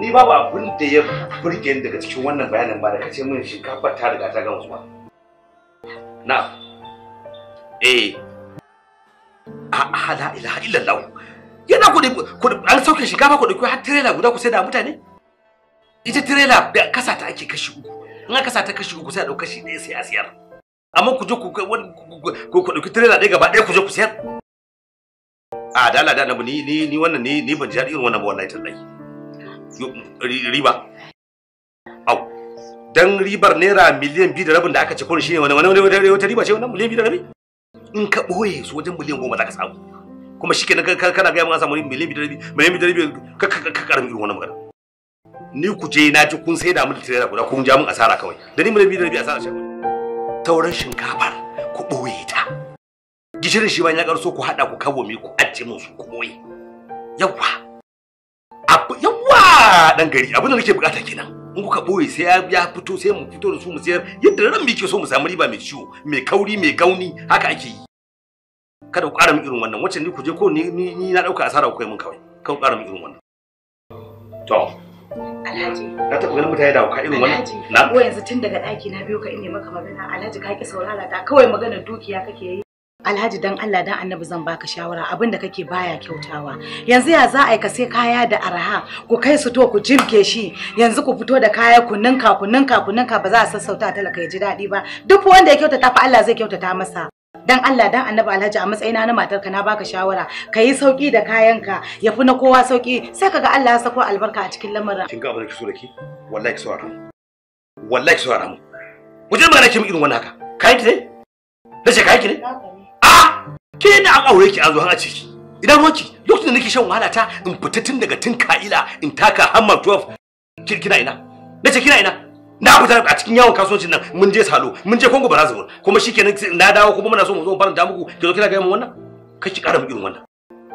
ni babu abin da ya burge ni daga cikin wannan bayanin ba da ka ce min shinkafa ta riga ta gama zuwa na eh a ah, ila ah, ila illallah yana ku an sauke shinkafa ku dauki har trailer guda ku sai da mutane ita trailer da kasa ta ake kashi uku in aka sa ta kashi uku sai a dauka shi ɗaya sai a siyar amma ku je ku ku dauki trailer ɗaya gaba ɗaya ku je ku siyar a ah, dala da ni ni wannan ni ban ji irin wannan ba wallahi tallahi riba au dan ribar naira miliyan biyu da rabin da aka ci kawai shine wani wani wata riba ce wannan miliyan biyu da rabi in ka boye su wajen miliyan goma za ka samu kuma shi kenan kana gaya mun an samu miliyan biyu da rabi miliyan biyu da rabi ka karami irin wannan magana ni ku je na ji kun sai da mun tirela guda kun ja mun asara kawai da ni miliyan biyu da rabi asara ce tauran shinkafar ku boye ta gishirin shi ban ya karso ku hada ku kawo mi ku ajiye mun su ku boye yawa dan gari abin da nake bukata kenan in kuka boye sai ya fito sai mu fito da su mu sayar yadda ran muke so mu samu riba mai ciwo mai kauri mai gauni haka ake yi kada ku ƙara min irin wannan wacce ni ku je ko ni ni na dauka asara ku kai mun kawai kan ku ƙara min irin wannan to Alhaji na taɓa ganin mutane da ka irin wannan na ko yanzu tun daga ɗaki na biyo ka ina maka magana Alhaji ka ki saurara ta kawai magana dukiya kake yi Alhaji dan Allah dan Annabi zan baka shawara abinda kake baya kyautawa. Yanzu ya za a yi ka sai kaya da araha ku kai su to ku jirge shi yanzu ku fito da kaya ku ninka ku ninka ku ninka ba za a sassauta talaka ya ji daɗi ba. Duk wanda ya kyautata fa Allah zai kyautata masa. Dan Allah dan Annabi Alhaji a matsayina na matarka na baka shawara ka yi sauki da kayanka ya fi na kowa sauki sai kaga Allah ya sako albarka a cikin lamarin. Kin ga abin da ki so da ki? Wallahi ki so mu. Wallahi ki saurara mu. Wajen ma nake irin wannan haka. Kayan ki ne? ce kayan ki ne? ke da an aure ki a zo har a ki idan ki lokacin da nake shan wahala ta in fita tun daga tun ka'ila in taka hammer 12 kina ina nace kina ina na fita a cikin yawon kasuwancin nan mun je salo mun je Kongo Brazzaville kuma shikenan na dawo kuma muna so mu zo mu da muku ki zo kina ga mu wannan kai ki kara mu irin wannan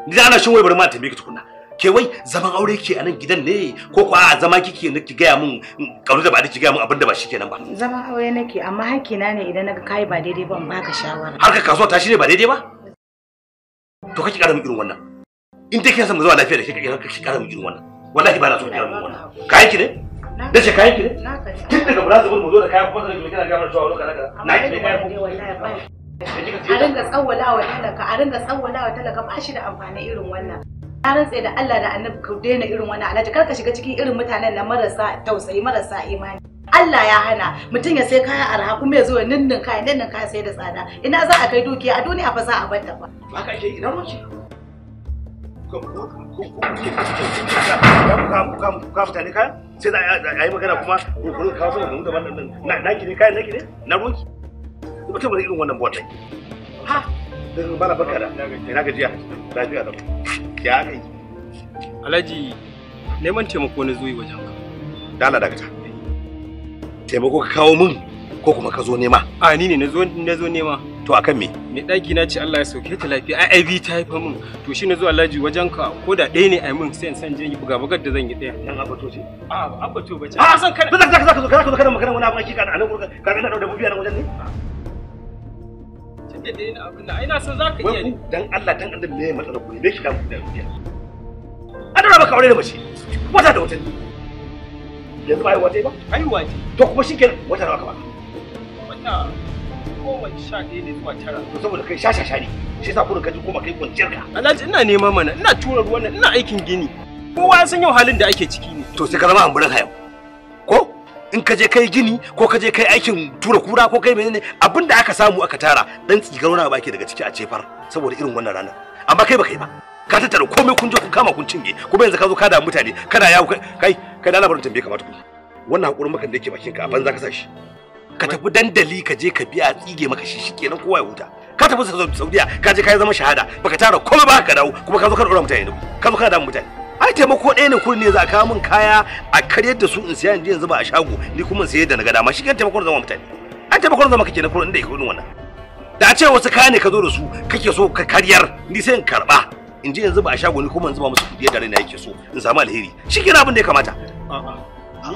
ni da ana shin wai bari ma tambaye ki tukunna ke wai zaman aure ke a nan gidan ne ko ko a zama kike ne ki gaya min karu da ba da ki gaya min abin da ba shikenan ba zaman aure nake amma hakina ne idan naga kai ba daidai ba ba baka shawara har ka kasuwa ta shine ne ba daidai ba to kake ƙara mu irin wannan in dai kina san mu zama lafiya da kake ka kake ƙara mu irin wannan wallahi ba na so ƙara mu wannan kayan ki ne da ce kayan ki ne kin daga ba za mu zo da kayan kuma da kina ga mana shawara kana na ki ne kayan a ringa tsawwala wa talaka a ringa tsawwala wa talaka ba shi da amfani irin wannan na rantsa da Allah da Annabi ka daina irin wannan alhaji karka ka shiga cikin irin mutanen na marasa tausayi marasa imani Allah ya hana mutum ya sai kaya arha kuma ya ya ninnin kaya ninnin kaya sai da tsada ina za a kai dukiya a duniya fa za a banta ba Haka ke ina roki ku ka ne kaya sai za a yi magana kuma kawo sama na naki ne kaya naki ne na roki irin wannan ha bala da ina gajiya lafiya da ya kai Alhaji neman taimako na zuwa wajen ka dala daga ta taimako ka kawo min ko kuma ka zo nema a ni ne na zo nema to akan me ni daki na ce Allah ya sauke ta lafiya ai IV ta haifa min to shi na zo Alhaji wajen ka ko da ɗaya ne ai min sai in san je yi buga bugar da zan yi ɗaya nan abato ce a abato ba ce a ah, san kana zaka zaka zo kana zo kana magana wani abu kika a nan gurin ka ga da bubiya nan wajen ne da ɗaya na abin da ai na san zaka iya ne dan Allah dan Allah me matsalar ku ne me kika mu da rubiya an dora maka aure da mace wata da wata yanzu ba haihuwa ta yi ba haihuwa ce to kuma shi kenan wata nawa ka baka wata goma sha ɗaya ne zuwa tara to saboda kai sha sha sha ne shi yasa kurin kaji koma kai kwanciyar ka alhaji ina neman mana ina tura ruwan nan ina aikin gini kowa san yau halin da ake ciki ne to sai ka zama ambulan hayau ko in ka je kai gini ko ka je kai aikin tura kura ko kai menene abinda aka samu aka tara dan tsigar wani baki daga ciki a cefar saboda irin wannan ranar amma kai ba kai ba ka tattara komai kun je kun kama kun cinye kuma yanzu ka zo ka da mutane kana yawo kai kai da labarin tambaye kamata ku wannan hakurin makan da yake bakin ka a banza ka sashi ka tafi dandali ka je ka biya tsige maka shi shikenan kowa ya huta ka tafi Saudiya ka je ka zama shahada baka tara komai ba ka dawo kuma ka zo ka dora mutane ne ka zo ka da mutane ai taimako ɗaya ne kurin ne za a kawo min kaya a karyar da su in siya yanzu yanzu ba a shago ni kuma in sayar da na ga dama shi kan taimakon zama mutane ai taimakon zama kake na kurin inda yake wannan da a ce wasu kaya ne ka zo da su kake so ka karyar ni sai in karba in je yanzu ba a shago ni kuma in zuba musu da yadda raina yake so in samu alheri shi kira abin da ya kamata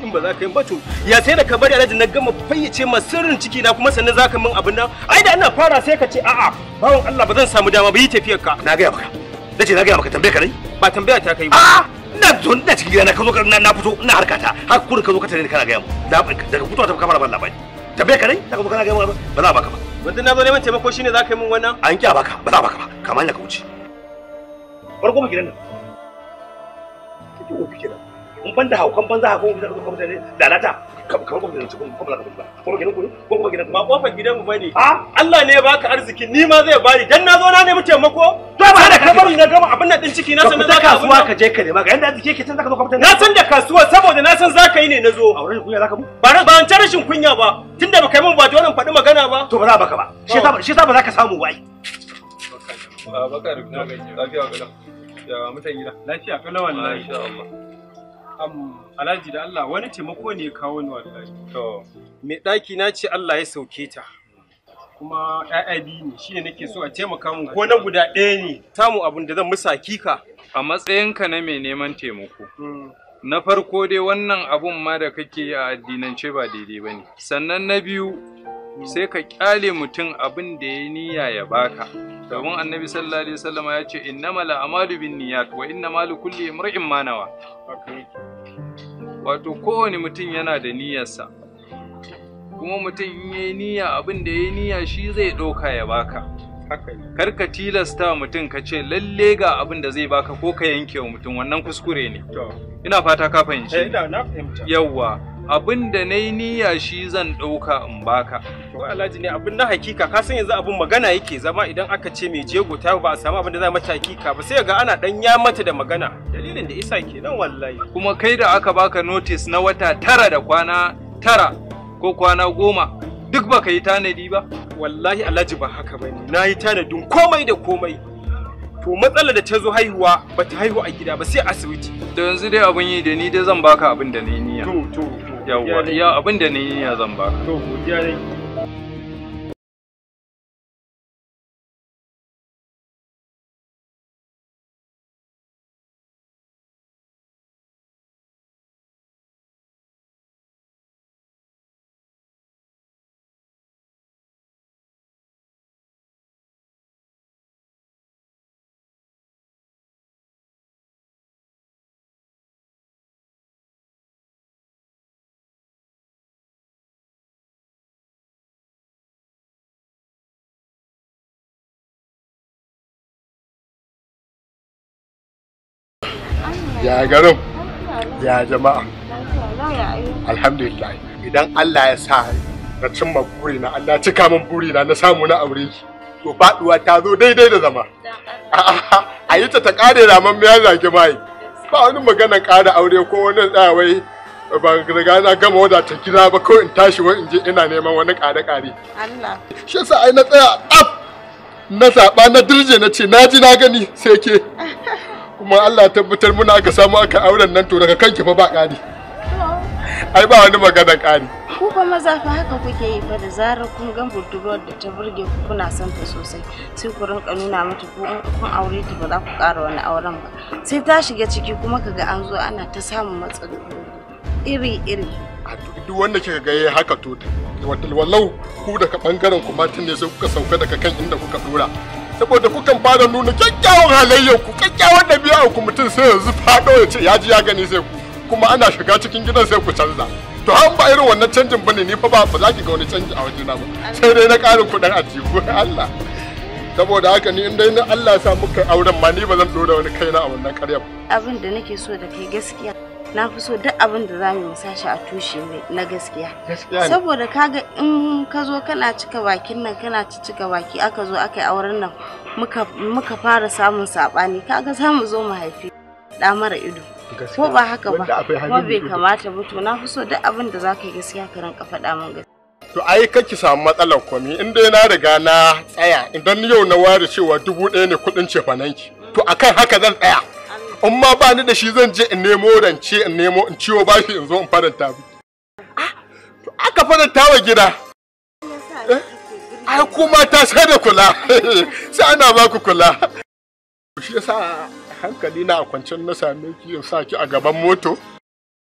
ni in ba za ka yi ba to ya sai da ka bari alhaji na gama fayyace ma sirrin ciki na kuma sannan za ka min abin nan ai da ina fara sai ka ce a'a bawon Allah ba zan samu dama ba yi tafiyar ka na gaya maka na ce na gaya maka tambaye ka nai ba tambaya ta kai ba na zo na cikin gida na ka zo na na fito na harkata har kurin ka zo ka tare ni kana gaya mu daga fitowa ta kamar ban labari tambaye ka nai ka kuma kana gaya mu ba za a baka ba wanda na zo neman taimako shine za ka yi min wannan an kya baka ba za a baka ba kamar ka wuce bar goma gidan nan kike ko kike nan in banda haukan banza haka kuma fitar kuma mutane da lata ka kuma gidan cikin kuma lata ba kuma gidan ku ko kuma gidan ba kofar gidan mu bane a Allah ne ya baka arziki ni ma zai bari dan na zo na nemi taimako to ba da kamar na gama abin nan din ciki na san zaka kasuwa ka je ka nema ga yanda arziki yake can zaka zo ka fitar na san da kasuwa saboda na san zaka yi ne na zo a wurin kunya zaka mu ba ran ba an tarishin kunya ba tunda ba kai min ba dole in faɗi magana ba to ba za baka ba shi yasa shi yasa ba zaka samu wai Bakar na gaji. Lafiya kala. Ya mutan gida. Lafiya kala wallahi. Masha Allah. Alhaji da Allah wani taimako ne ya kawo ni wallahi. To. Mai ɗaki na ce Allah ya sauke ta. kuma ‘ya'ya biyu ne shine nake so a taimaka mu ko na guda ɗaya ne tamu abin da zan musa kika a matsayinka na mai neman taimako hmm. na farko dai wannan abun ma da kake yi a addinance ba daidai ba ne sannan na biyu hmm. sai ka kyale mutum abin da ya niyya ya baka domin annabi sallallahu alaihi wasallam ya ce innamal a'malu binniyat wa innamal kulli imri'in ma nawa wato kowane mutum yana da niyyarsa kuma mutum in yayi niyya abin da yayi niyya shi zai ɗauka ya baka kar ka tilasta mutum ka ce lalle ga abin da zai baka ko ka yanke wa mutum wannan kuskure ne ina fata ka fahimci eh, yawwa abin da na yi niyya shi zan ɗauka in baka. Wai Alhaji ne abin na hakika ka san yanzu abin magana yake zama idan aka ce mai jego ta ba a samu abin da za mata hakika ba sai ga ana ɗan ya mata da magana dalilin da isa kenan wallahi. Kuma kai da aka baka notice na wata tara da kwana tara ko kwana goma duk baka yi tanadi ba. Wallahi Alhaji ba haka ba na yi tanadin komai da komai. To matsalar da ta zo haihuwa ba ta haihu a gida ba sai asibiti. Da yanzu dai abin yi da ni dai zan baka abin da na yi niyya. To to yawwa ya abin da ni ya zan baka to godiya ne ya garin ya jama'a alhamdulillah idan Allah ya sa na cimma burina Allah cika min burina na samu na aure ki to faduwa ta zo daidai da zama a yi ta ta kare raman miya zage mai ba wani magana kara aure ko wani tsawai ba riga na gama wada ta gida ba ko in tashi wani in je ina neman wani kare kare Allah shi yasa ai na tsaya af na zaba na dirje na ce na ji na gani sai ke kuma Allah tabbatar muna ka samu aka auren nan to daga kanki fa ba ƙari ai ba wani magana ƙari ku fa maza fa haka kuke yi fa da zarar kun ga budurwar da ta burge ku kuna son ta sosai sai ku rinka nuna mata ko kun aure ta ba za ku ƙara wani auren ba sai ta shiga ciki kuma kaga an zo ana ta samun matsaloli iri-iri a duk wanda kika ga yayi haka to wallau ku daga bangaren ku tun ne sai kuka sauka daga kan inda kuka dora saboda kukan fara nuna kyakkyawan ku kyakkyawan ku mutum sai yanzu fado ya ce ya ji ya gani sai ku kuma ana shiga cikin gidan sai ku canza to an ba irin wannan canjin bane ni fa ba ba za ki ga wani canji a wajena ba sai dai na ƙarin kuɗin a jiku Allah saboda haka ni in dai na Allah ya sa muka auren ma ni ba zan dora wani kaina a wannan ƙaryar abin da nake so da kai gaskiya na fi so duk abin da za mu yi sashi a tushe na gaskiya saboda kaga in ka zo kana cika bakin nan kana cika baki aka zo aka yi auren nan muka fara samun sabani kaga za mu zo mu haifi ɗa mara ido ko ba haka ba kuma bai kamata ba to na fi so duk abin da za ka yi gaskiya ka rinka faɗa min gaskiya to ai kake samu matsalar komi in dai na riga na tsaya idan yau na ware cewa dubu ɗaya ne kuɗin cefananki to akan haka zan tsaya in ma ba ni da shi zan je in nemo rance in nemo in ciwo bashi in zo in faranta bi ah, aka faranta wa gida ai kuma ta sai da kula sai ana ba ku kula shi yasa hankali na kwancin na same ki in sa ki a gaban moto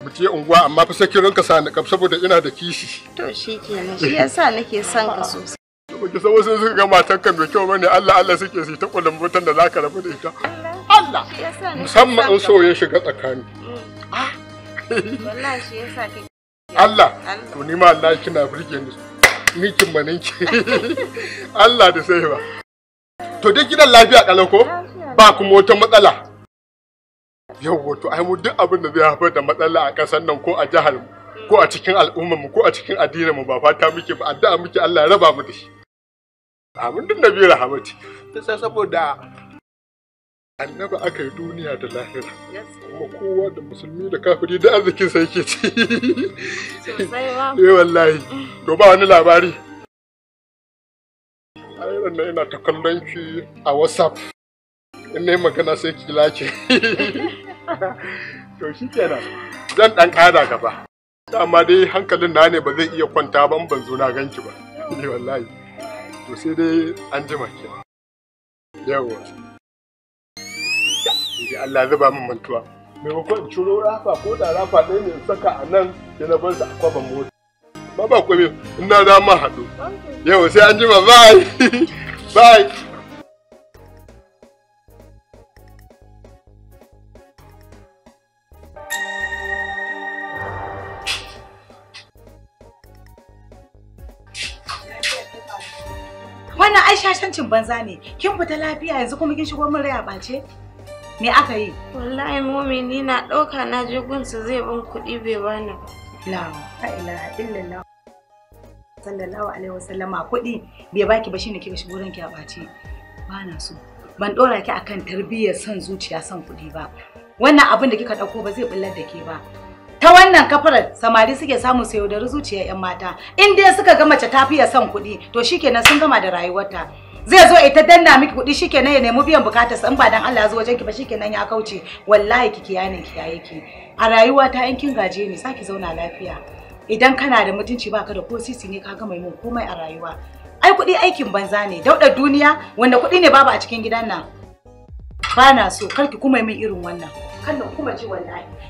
mu je unguwa amma fa sakin ranka sa ni saboda ina da kishi to shi shi yasa nake son ka sosai baki san wasu suka ga matarka mai kyau bane Allah Allah suke su ta kullum mutan da zaka rabu da ita Allah musamman in so ya shiga tsakani mm. ah! Allah to ni ma Allah kina burge ni nikin ki. Allah da sai ba to duk gidan lafiya kalau ko ba kuma wata matsala yau to ai mu duk abin da zai haifar da matsala a ƙasar nan ko a jihar mu ko a cikin al'ummar mu ko a cikin addinin mu ba fata muke ba addu'a muke Allah ya raba mu da shi abin da nabi rahamati sai saboda annaba aka yi duniya da lahira kuma kowa da musulmi da kafiri da arzikin sa yake ci eh wallahi to ba wani labari ayyukan nan ina ta kallon ki a whatsapp in na magana sai ki lake to shi kenan zan dan kada gaba amma dai hankalin na ne ba zai iya kwanta ban ban zo na ganki ba wallahi to sai dai an jima kenan yawa sai Allah zuba min mantuwa maimakon in ciro rafa ko da rafa ɗaya ne in saka a nan ya na bar su a kwaban mota ba ba kome in na ma haɗu yawa sai an jima bye bye Wannan ai shashancin banza ne. Kin fita lafiya yanzu kuma kin shigo mun rai a Me aka yi? Wallahi mumini ni na ɗauka na je gunsu zai bin kuɗi bai bani La ilaha illallah. Sallallahu alaihi wasallama kuɗi bai baki ba shine kika shigo ranki a bace Ba na so. Ban dora ki akan tarbiyyar son zuciya son kuɗi ba. Wannan abin da kika ɗauko ba zai bullar da ke ba. ta wannan kafarar samari suke samu sayo yaudari zuciyar 'yan mata in dai suka ga mace ta fiye son kuɗi to shikenan sun gama da rayuwarta zai zo ita danna miki kuɗi shikenan ya nemi biyan sa, in ba dan Allah ya zo ki ba shikenan ya kauce wallahi kiki yanin ki yayi ki a rayuwa ta in kin gaje ni saki zauna lafiya idan kana da mutunci baka da ko sisi ne ka gama mun komai a rayuwa ai kuɗi aikin banza ne daudar duniya wanda kuɗi ne babu a cikin gidan nan ba na so karki kuma min irin wannan kallon kuma ji wallahi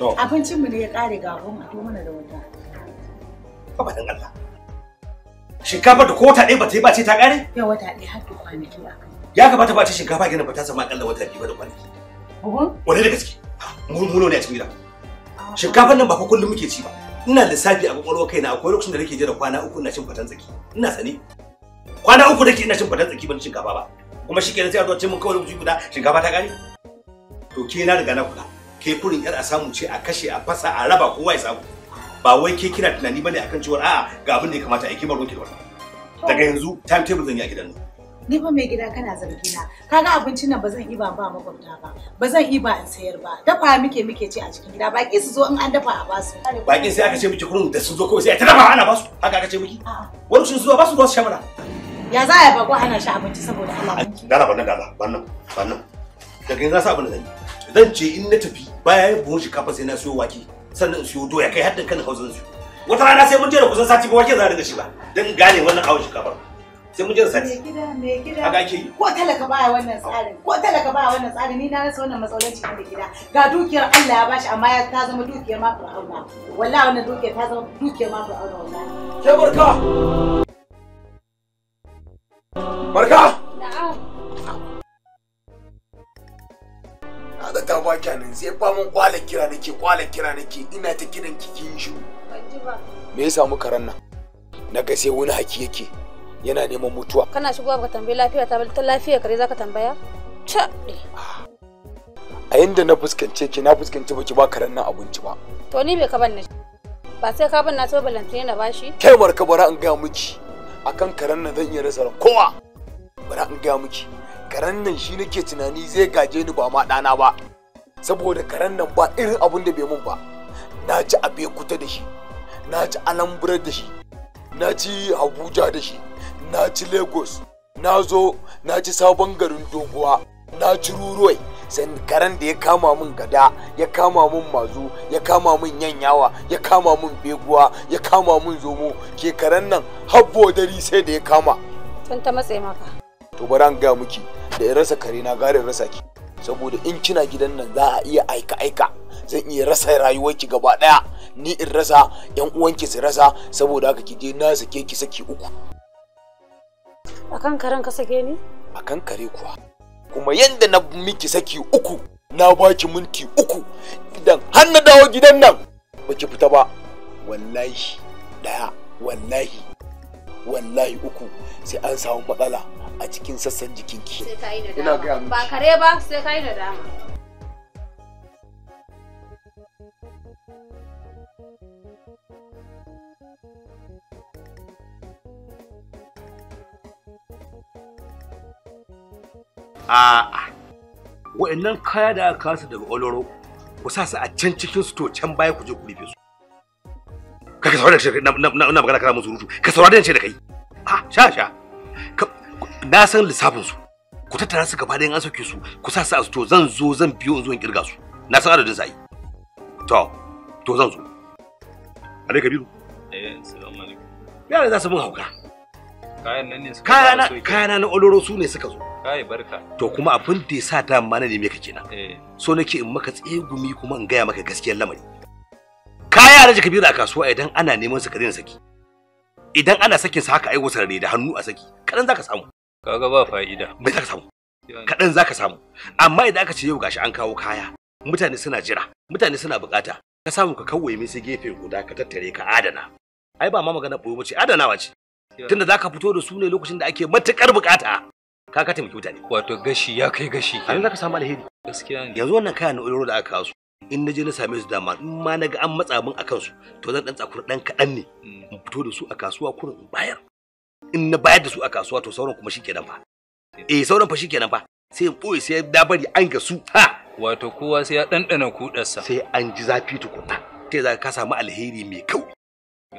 Abincinmu ne ya kare ga a mana da wata. Abadan Allah. Shinkafa da kowata ɗaya ba ta yi ba ce ta ƙare? Yau wata ɗaya har da kwanaki a Ya kamata ba ta shinkafa gina ba ta sama ƙalla wata biyu da kwanaki. Wane da gaske? Murmuno ne a cikin gida. Ah. Shinkafan nan ba fa kullum muke ci ba. Ina lissafi a kwakwalwa kaina akwai lokacin da nake jira kwana uku ina cin fatan tsaki. Ina sani Kwana uku nake ina cin fatan tsaki ban shinkafa ba. Kuma shi kenan sai a zo ce mun kawai guda shinkafa ta ƙare. To ke na riga na kula. ke yar a samu ce a kashe a fasa a raba kowa ya samu ba wai ke kira tunani bane akan cewa a'a ga abin da ya kamata a kibar ki da wannan daga yanzu time table zan yi a gidan nan ni fa mai gida kana zargi na kaga abincin nan ba zan iba ba makwabta ba ba zan iba in sayar ba dafa muke muke ci a cikin gida baki su zo in an dafa a basu baki sai aka ce miki kurun da su zo kawai sai ta dafa ana basu haka aka ce miki wani sun zuwa basu ruwa su sha mana ya za a yi ko ana sha abinci saboda Allah dala bannan dala bannan bannan daga yanzu za su abin da zan yi dan ce in na tafi baya yin buhun shinkafa sai na siyo wake sannan in siyo doya kai haddin kanin hausa siyo wata rana sai mun je da kusan sati ba wake za a dinga shi ba dan gane wannan awon shinkafa sai mun je da sati me gida me gida haka ake yi ko talaka baya wannan tsarin ko talaka baya wannan tsarin ni na rasa wannan matsalolin da gida ga dukiyar Allah ya bashi amma ya ta zama dukiyar ma Allah wallahi wannan dukiyar ta zama dukiyar ma Allah wallahi ke barka barka na'am da ta ba kyanin sai ba mun kwala kira nake kwala kira nake ina ta kiran kikin shi me ya samu karan nan na ga sai wani haki yake yana neman mutuwa kana shigowa ka tambayi lafiya ta ta lafiya kare zaka tambaya cha a inda na fuskance ki na fuskance baki ba karan nan abinci ba to ni bai ka ban ba sai ka ban na so balantane na bashi kai barka bara in ga miki akan karan nan zan iya rasa kowa bara in ga miki karen nan shi nake tunani zai gaje ni ba ma ɗana ba saboda karen nan ba irin abun da bai mun ba na ci abe kuta da shi na ci alambra da shi na ci abuja da shi na ci lagos na zo na ci sabon garin doguwa na ci ruruwai san karen da ya kama min gada ya kama min mazu ya kama min yanyawa ya kama min beguwa ya kama min zomo ke karen nan habbo dari sai da ya kama tun ta matse maka to bari an gaya miki da ya rasa kare na gare rasa ki saboda in kina gidan nan za a iya aika aika zan iya rasa rayuwarki gaba daya ni in rasa yan uwanki su rasa saboda haka ki je na sake ki saki uku akan karen ka sake ni akan kare kuwa kuma yanda na miki saki uku na baki minti uku idan har na dawo gidan nan baki fita ba wallahi daya wallahi wallahi uku sai an samu matsala a cikin sassan jikinki ina ga ba kare ba sai kai da dama A'a, wa'annan kaya da aka kasa daga oloro ku sa su a can cikin su to can baya ku je ku rufe su ka ka saurara na magana kana mun surutu ka saurara da ce da kai ha sha sha na san lissafin su ku tattara su gaba ɗayan an sauke su ku sa su a to zan zo zan biyo in zo in kirga su na san adadin sa'i to to zan zo a dai kabiru eh assalamu alaikum yara za su hauka kayan nan ne suka na kaya na oloro su ne suka zo kai barka to kuma abin da ya sa dama na kake ka kenan eh. so nake in maka tsegumi kuma in gaya maka gaskiyar lamari kaya da kabiru a kasuwa idan ana neman su ka saki idan ana sakin sa haka ai wasarare da hannu a saki kadan zaka samu kaga ba fa'ida bai zaka samu kaɗan zaka samu amma idan aka ce yau gashi an kawo kaya mutane suna jira mutane suna bukata ka samu ka kawai mai sai gefe guda ka tattare ka adana ai ba ma magana boye ce adanawa ce tunda zaka fito da su ne lokacin da ake matukar bukata ka ka taimaki mutane wato gashi ya kai gashi kenan zaka samu alheri gaskiya ne yanzu wannan kaya na oloro da aka kawo su in na je na same su dama in ma na ga an matsa min akan su to zan dan tsakuri dan kaɗan ne mm. in fito da su a kasuwa kurin bayar in na bayar da su a kasuwa to sauran kuma shikenan fa eh sauran fa shikenan fa sai in boye sai da bari an ga su ha wato kowa sai ya dandana kudarsa sai an ji zafi tukunna sai za ka samu alheri mai kau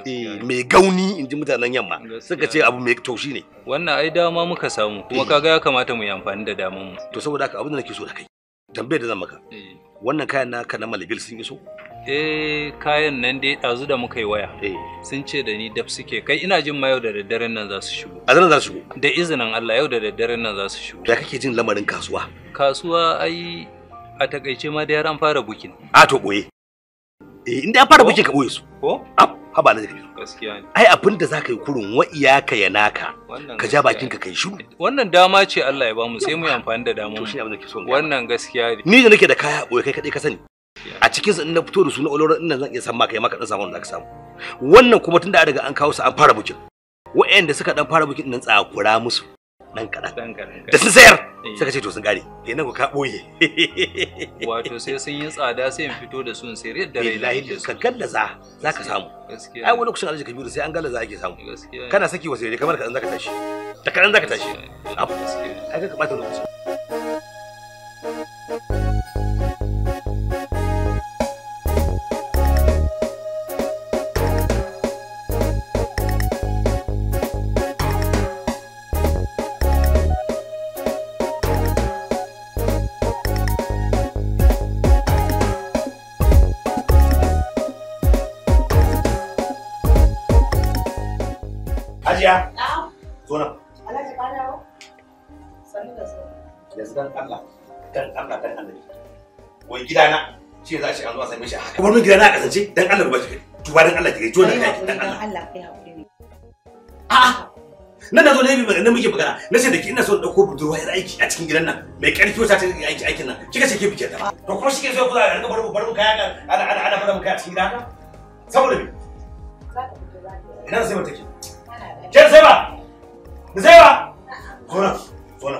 eh, mai gauni in ji mutanen yamma suka ce abu mai taushi ne wannan ai dama muka samu kuma eh. kaga ya kamata mu yi amfani da damun mu to saboda haka abin da nake so da kai tambayar da zan maka eh. wannan kayan na na malabil sun iso eh kayan nan dai ɗazu da muka yi waya eh. sun ce da ni daf suke kai ina jin ma yau da daddaren nan za su shigo a za su shigo da izinin Allah yau da daddaren nan za su shigo da kake jin lamarin kasuwa kasuwa ai a takaice ma da yaran fara bukin a to boye eh inda an fara bukin ka boye su ko haba na kabiru gaskiya ai abin da zaka yi kurun wa iyaka ya naka ka ja bakin ka kai shiru wannan dama ce Allah ya bamu sai mu yi amfani da dama to shi abin da ke so wannan gaskiya ne ni da nake da kaya boye kai kadai ka sani a cikin in na fito da su na oloron ina zan iya san maka maka dan samu da ka samu wannan kuma tunda daga an kawo su an fara bukin wa'anda suka dan fara bukin nan tsakura musu dan kaɗan da sun sayar eh. suka ce to sun ƙare ke nan ka ɓoye wato sai sun yi tsada sai in fito da sun sayar da rai lahi da ka gallaza za ka samu ai wani kusan arziki kabiru sai an gallaza ake samu kana saki wasu ne kamar ka za zaka tashi da kaɗan za ka tashi ai ka kamata lokaci mai gidana shi za a ce an zo a same shi haka kamar mai gidana a kasance dan Allah ba shi tuba dan Allah ki gaji wannan yaki dan Allah Allah kai hakuri a'a nan na zo ne magana muke magana na ce da ki ina so dauko budurwa yar aiki a cikin gidan nan mai karfi wata ta aiki aikin nan kika ce ke bike ta to kuma shike so ku za ka bar mu kaya ka ana ana ana fara mu a cikin gidan saboda me ina sai mata ke ke sai ba sai ba ko na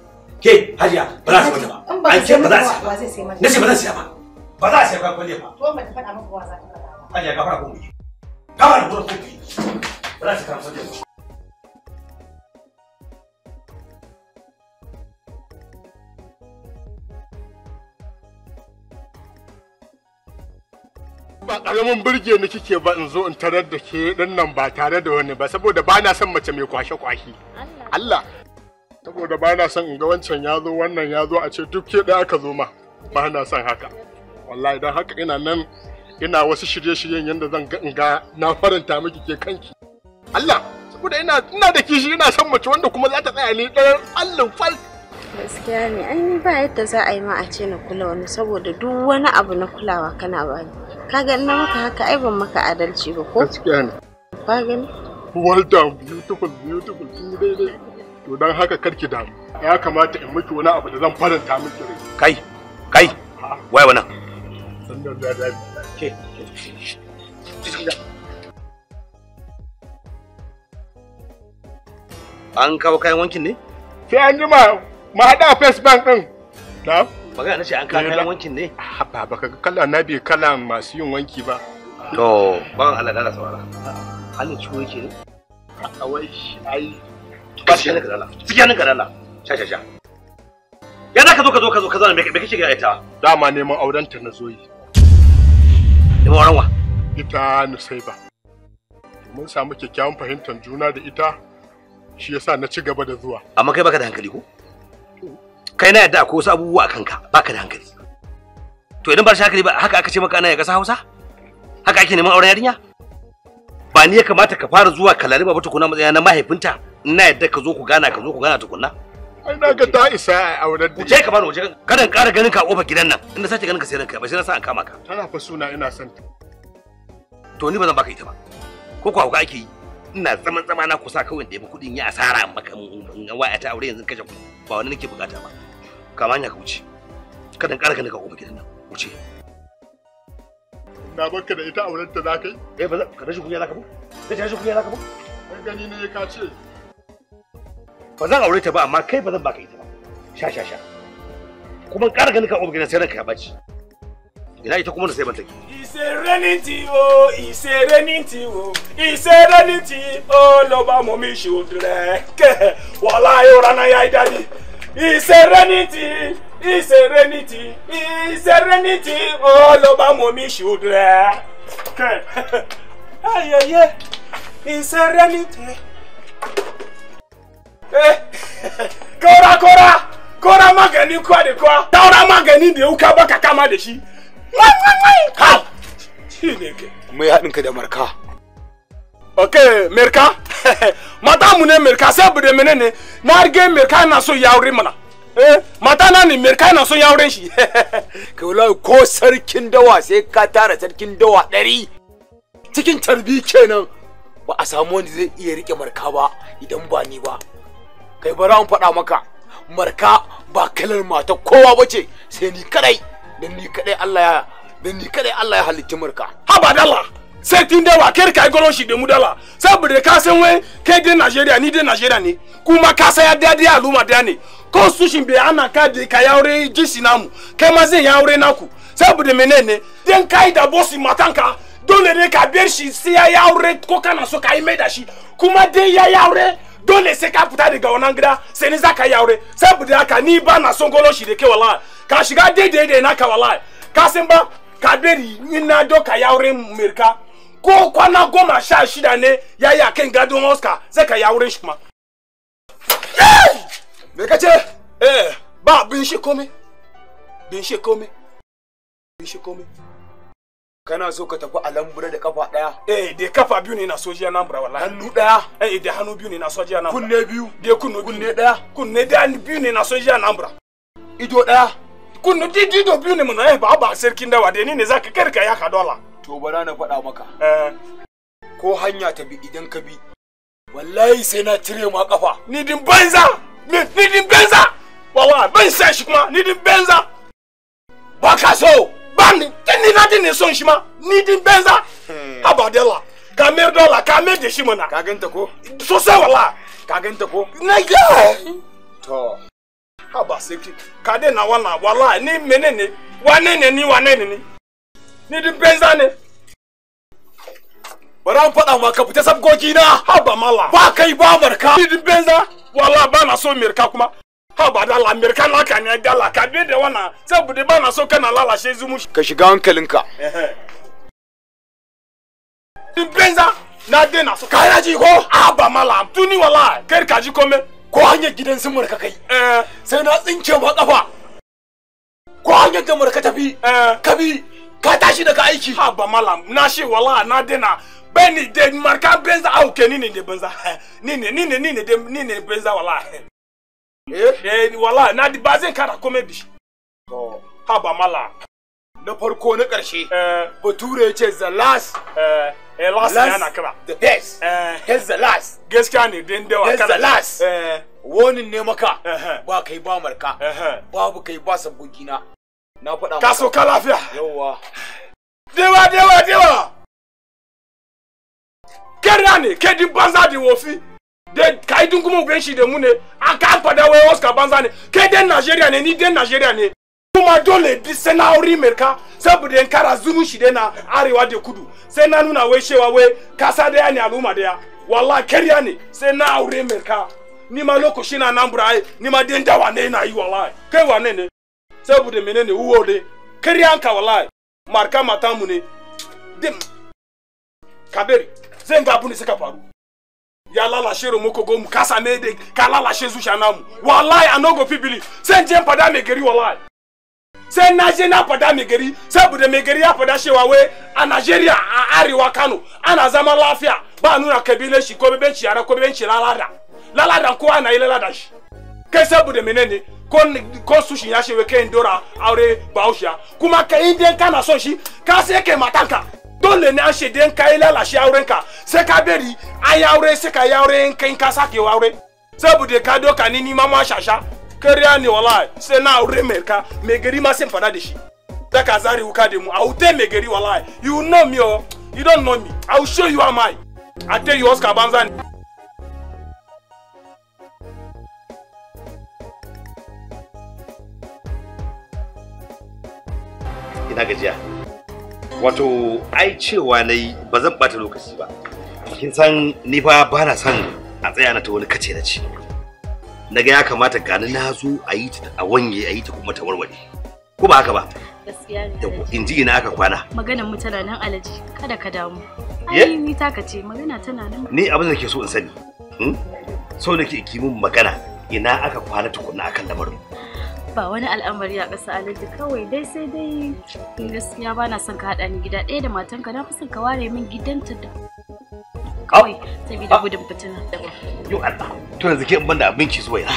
ke hajiya ba za su mata ba an ce ba za su ba na ce ba za su ba ba za su ba ne ba to ba ta faɗa maka wa za ta faɗa ba hajiya fara ko muke fara ko muke ba za su karɓa sauke ba ba karamin birge ni kike ba in zo in tarar da ke din nan ba tare da wani ba saboda ba na son mace mai kwashe-kwashe Allah. Allah saboda ba na son in ga wancan ya zo wannan ya zo a ce duk ke da aka zo ma ba na son haka wallahi don haka ina nan ina wasu shirye-shiryen yadda zan ga in ga na faranta miki ke kanki Allah saboda ina ina da kishi ina son mace wanda kuma za ta tsaya ni ɗayan allin fal gaskiya ne ai ni ba yadda za a yi ma a ce na kula wani saboda duk wani abu na kulawa kana bani kaga ina maka haka ai ban maka adalci ba ko gaskiya ne Ba gani well done beautiful beautiful kin daidai to don haka karki damu ya kamata in miki wani abu da zan faranta miki rai kai kai wai wannan sannan da da ke an kawo kayan wankin ne sai an jima ma hada face bank din na magana na ce an kawo kayan eh, wankin ne a ba ka kala na bi kala masu yin wanki ba to ban Allah da saurara hannun ciwo yake ne a wai ai yana shi hannun ka dala saki hannun ka dala sha sha sha ya za ka zo ka zo ka zo ka zauna me kake ga ita dama neman auren ta na zo yi neman auren wa ita Nusaiba mun samu kyakkyawan fahimtar juna da ita shi yasa na ci gaba da zuwa amma kai baka da hankali ko kai na yadda akwai wasu abubuwa a kanka baka da hankali to idan ba shi hankali ba haka aka ce maka ana ya kasa Hausa haka ake neman auren yarinya ba ni ya kamata ka fara zuwa ka ba ta tukuna matsaya na mahaifinta ina yadda ka zo ku gana ka zo ku gana tukunna ai na ga ta isa a auren da ka bani waje kada in ƙara ganin ka a kofar gidan nan inda sace ganin ka sai ranka ba sai na sa an kama ka tana fa suna ina son ta to ni ba zan baka ita ba ko ku hauka ake yi ina zaman zama na kusa kawai da yabi kuɗin ya asara maka in waya ta aure yanzu kashe kuɗi ba wani nake bukata ba kama hanya ka wuce kada in ƙara ganin ka a kofar gidan nan wuce na baka da ita auren ta za ka yi eh ba za ka rashin kunya za ka bu sai rashin kunya za ka bu gani ne ka ce ba zan aure ta ba amma kai ba zan baka ita ba sha sha sha kuma ƙara ganin ka ƙofar gidan sai ranka ya baci ina ita kuma da sai ban take ìṣeré ní ti o ìṣeré ní ti o ìṣeré ní ti o ló bá mọ mi ṣòdì rẹ kẹ wàhálà yóò rana ya ìdádì ìṣeré ní ti ìṣeré ní ti ìṣeré ní ti o ló bá mọ mi ṣòdì rẹ kẹ ayẹyẹ ìṣeré ní ti. Eh. kora kora kora magani kwa de kwa taura magani uka ba ka kama da shi ha shi ne ke mai haɗin ka da marka okay merka mata mu ne merka sai bude mene ne na rige merka na so ya aure mana eh, mata na ni merka na so ya aure shi ka wala ko sarkin dawa sai ka tara sarkin dawa ɗari cikin tarbi kenan ba a samu wanda zai iya rike marka ba idan ba ni ba kai bara an faɗa maka marka ba kalar mata kowa bace sai ni kadai dan ni kadai Allah ya dan ni kadai Allah ya halicci marka ba dala sai tin da wa kai kai goron shi da mu saboda ka san wai kai din Najeriya ni din Najeriya ne kuma ka san ya dadi luma da ne constitution bai ana ka da ka yaure jinsi namu kai ma zai yaure naku saboda menene dan kai da bossi matanka dole ne ka biyar shi sai ya yaure ko kana so ka yi mai da shi kuma dai ya yaure dole sai ka fita daga wannan gida sai ni zaka yi aure saboda haka ni ba na son shi da ke wallahi ka shiga daidai da naka wallahi ka san ba ka bari ina doka ya aure mirka ko kwana goma sha shida ne ya yi akan gado oscar zai ka yi aure shi kuma me ka ce eh ba bin shi komai bin shi komai bin shi komai kana so ka tafi alambura da kafa daya eh da kafa biyu ne na sojiya na bura wallahi hannu daya eh da hannu biyu ne na sojiya na kunne biyu da kunne kunne daya kunne da biyu ne na sojiya na bura ido daya kunne ido biyu ne mun eh ba ba sarkin dawa da ni ne zaka karka ya ka dola to bara na faɗa maka eh ko hanya ta bi idan ka bi wallahi sai na cire ma kafa ni din banza ni din banza Wallahi ban sai shi kuma ni din banza ba ka so ba ni ti ni na ti ni son shi ma ni din benza hmm. abadela ka me dola ka me da shi mana ka ganta ko sosai wala ka ganta ko na ga to haba seki ka de na wala wala ni menene wane ne ni wane ne ni ni din benza ne bari an faɗa ma ka fita sabgogi na haba mala ba kai ba marka ni din benza wala ba na so mirka kuma ha ba da ne dala ka da wannan sai bude so kana lalashe zumushi ka shiga hankalinka in benza na so kana ji ko a ba malam tuni wala kai ka ji kome ko hanyar gidan sun murka kai eh. sai na kafa ko hanyar da murka tafi eh. ka bi ka tashi daga aiki ha ba malam na shi wala na dena bani da marka benza au ke ni benza ni ni de ni benza wallahi eh, eh wala na di ba zan kara comedy ha ba mala na farko na ƙarshe eh. bature ya ce the last eh, eh last yana kira the best eh the last gaskiya ne din da wakar the last wonin ne maka ba kai ba marka babu kai ba sabogina na faɗa maka kaso ka lafiya yawa dewa dewa dewa kana ne kedin banza di wofi de kai dun kuma nsi de da mu ne a ka fada wai Oscar banza ne ke dan Najeriya ne ni dan Najeriya ne kuma dole bi sena na auri merka saboda in kara zurun shi dai na arewa de kudu sai na nuna wai shewa wai kasa daya ne al'umma daya wallahi kariya ne sena na aure merka ni ma lokaci na nan burai ni ma den dawa ne na yi wallahi kai wane ne saboda menene uwo de kariya ka wallahi marka mata mu ne kaberi zan ga abun da suka faru ya lalace muka go mu ka same da ka lalace zuciya namu wallahi a no go fi believe sai je fada mai gari wallahi sai na je na fada mai gari bude mai gari ya fada cewa wai a Najeriya a arewa Kano ana zama lafiya ba nuna kabilan shi ko bebenci yara ko bebenci lalada lalada ko ana yi lalada shi kai saboda menene ko su shi ya shewe kai ndora aure bausha kuma kai indian kana son shi ka sai kai matanka dole ne an shaidai e ka yi lalace aurenka sai ka bari an yi aure sai ka yi aure in kai ka sake aure saboda ka doka ni ni ma ma shasha kariya ne wallahi sai na aure mai ka mai gari ma sai fada da shi da ka zare wuka da mu a wuta mai gari wallahi you know me oh you don't know me i will show you am i i tell you oscar banza ne ina gajiya wato ai cewa na yi ba zan bata lokaci ba kin san ni fa ba na son a tsaya na ta wani kace na ci. na ga ya kamata gani na zo a yi ta a wanye a yi ta kuma ta warware ko ba haka ba gaskiya ne in ji ina aka kwana maganar mu tana nan alaji kada ka damu ai ni taka ce magana tana nan ni abin da ke so in sani hmm? so nake ki mun magana ina aka kwana tukunna akan lamarin ba wani al'amari a ƙasa alhaji kawai dai sai dai gaskiya ba na son ka haɗa ni gida ɗaya da matanka na fi son ka ware min gidanta da kawai saboda ah. gudun fitina yau Allah to yanzu ke in banda abinci zuwa ya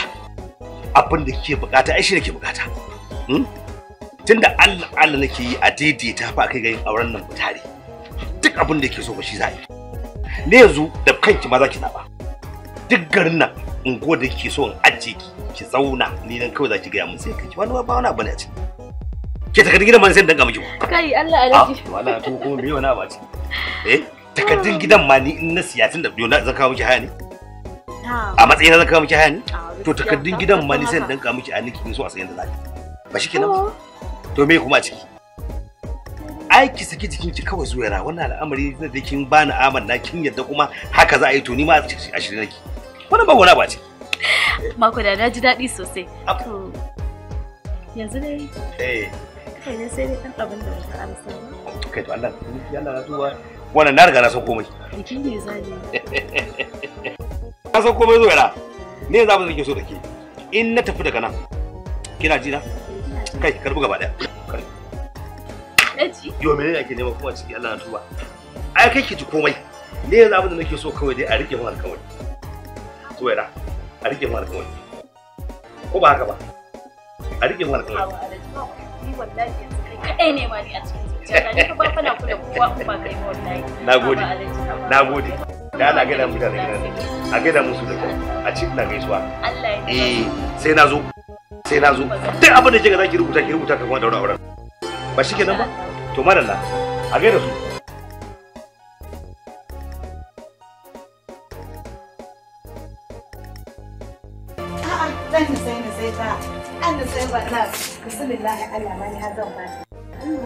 abin da kike bukata ai shi nake bukata hmm? tunda Allah Allah nake yi a daidaita fa kai ga yin auren nan mutare duk abin da yake so ba shi za yi ne yanzu da kanki ma za ki zaba duk garin nan unguwar da kike so in ajiye ki ki zauna ni nan kawai za ki gaya mun sai kai wani ba wani abu ne a ciki ke takardun gidan ma sai danga miki kai Allah alaji ah, wala to ko me wani abu a ciki eh takardun gidan ma ni in na siya tun da na zan kawo miki haya ne ah. a matsayin na zan kawo miki haya ne ah, to takardun gidan ma ni sai danga miki a niki so a sayan da zaki ba shi kenan oh. to me kuma a ciki ai ki saki jikin ki kawai zuwa wannan al'amari da kin bani amanna kin yadda kuma haka za a yi to ni ma a shirye nake wannan ba ba ce mako da na ji daɗi sosai to yanzu dai eh kai ne sai dai abin da kai to Allah yana na zuwa wannan na riga na komai bikin ne na san komai zo yana ne za mu so da ke in na tafi daga nan kina ji na kai karbu gaba daya yo menene ake nema kuma ciki Allah na tuba ai kai ki ji komai ne yanzu abin da nake so kawai dai a rike mun alƙawari suera a rike mu alƙawari ko ba haka ba a rike mu alƙawari kaɗai ne ma ni a cikin zuciya ni ka ba kana kula kowa kuma kai wallahi nagode nagode da ana gaida mutane gidan a gaida musu da a cikin ina gaisuwa Allah ya eh sai na zo sai na zo duk abin da kika zaki rubuta ki rubuta ka kuma daura auren ba shikenan ba to madalla a gaida su sai ba an da sai ba na bismillah Allah ma ni har zan ba